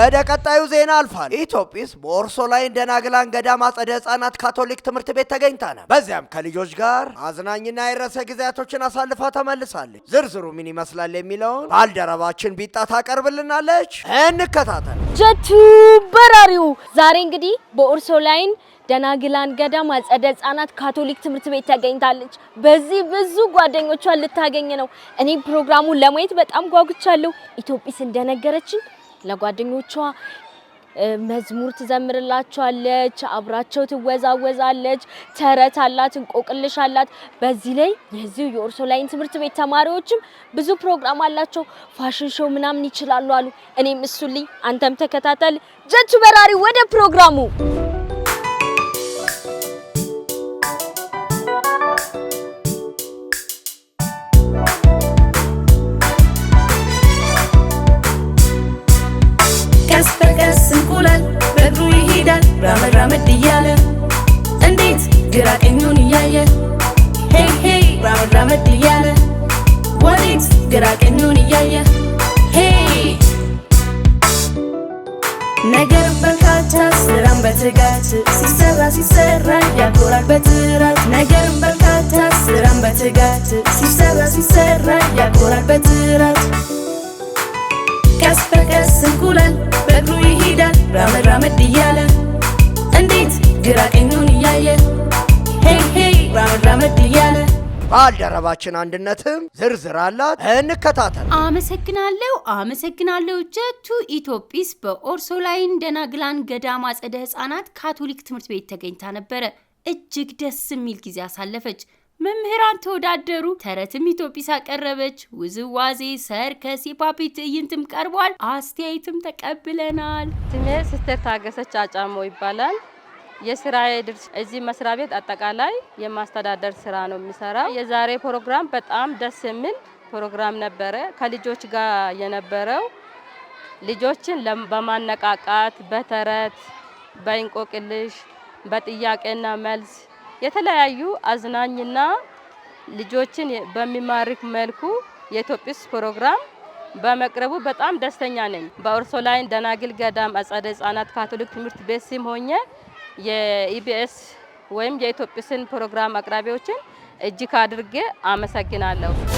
ወደ ቀጣዩ ዜና አልፋል። ኢትዮጲስ በኦርሶ ላይ ደናግላን ገዳም አጸደ ህጻናት ካቶሊክ ትምህርት ቤት ተገኝታ ነው። በዚያም ከልጆች ጋር አዝናኝና የረሰ ጊዜያቶችን አሳልፋ ተመልሳለች። ዝርዝሩ ምን ይመስላል የሚለውን ባልደረባችን ቢጣ ታቀርብልናለች። እንከታተል። ጀቱ በራሪው ዛሬ እንግዲህ በኦርሶ ላይን ደናግላን ገዳም አጸደ ህጻናት ካቶሊክ ትምህርት ቤት ተገኝታለች። በዚህ ብዙ ጓደኞቿን ልታገኝ ነው። እኔ ፕሮግራሙን ለማየት በጣም ጓጉቻለሁ። ኢትዮጵስ እንደነገረችን ለጓደኞቿ መዝሙር ትዘምርላቸዋለች፣ አብራቸው ትወዛወዛለች፣ ተረት አላት፣ እንቆቅልሽ አላት። በዚህ ላይ የዚሁ የኦርሶላይን ትምህርት ቤት ተማሪዎችም ብዙ ፕሮግራም አላቸው፣ ፋሽን ሾው ምናምን ይችላሉ አሉ። እኔም እሱልኝ፣ አንተም ተከታተል። ጀቱ በራሪ ወደ ፕሮግራሙ ሲመለስ እንቁላል በእግሩ ይሄዳል ራመድ ራመድ እያለ እንዴት ግራ ቀኙን እያየ ሄይ ሄይ ራመድ ራመድ እያለ ወዴት ግራ ቀኙን እያየ ሄይ ነገር በርካታ ስራም በትጋት ሲሰራ ሲሰራ ያኮራል በትራት ነገር በርካታ ስራም በትጋት ሲሰራ ሲሰራ ያኮራል በትራት ቀስ በቀስ እንቁላል ራመድ ራመድ እያለ እንዴት ግራ እያየ ሄይ ሄይ ራመድ ራመድ እያለ ባልደረባችን አንድነትም ዝርዝር አላት፣ እንከታተል። አመሰግናለሁ አመሰግናለሁ። ጀቱ ኢትዮጲስ በኦርሶላይን ደናግላን ገዳም አጸደ ህፃናት ካቶሊክ ትምህርት ቤት ተገኝታ ነበረ። እጅግ ደስ የሚል ጊዜ አሳለፈች። መምህራን ተወዳደሩ፣ ተረትም ኢትዮጲስ አቀረበች። ውዝዋዜ፣ ሰርከስ፣ የፓፒ ትዕይንትም ቀርቧል። አስተያየትም ተቀብለናል። ስሜ ሲስተር ታገሰች አጫሞ ይባላል። የስራዬ ድርሻ እዚህ መስሪያ ቤት አጠቃላይ የማስተዳደር ስራ ነው የሚሰራው። የዛሬ ፕሮግራም በጣም ደስ የሚል ፕሮግራም ነበረ። ከልጆች ጋር የነበረው ልጆችን በማነቃቃት በተረት በእንቆቅልሽ በጥያቄና መልስ የተለያዩ አዝናኝና ልጆችን በሚማርክ መልኩ የኢትዮጵስ ፕሮግራም በመቅረቡ በጣም ደስተኛ ነኝ። በኦርሶላይን ደናግል ገዳም አጸደ ህጻናት ካቶሊክ ትምህርት ቤት ስም ሆኜ የኢቢኤስ ወይም የኢትዮጵስን ፕሮግራም አቅራቢዎችን እጅግ አድርጌ አመሰግናለሁ።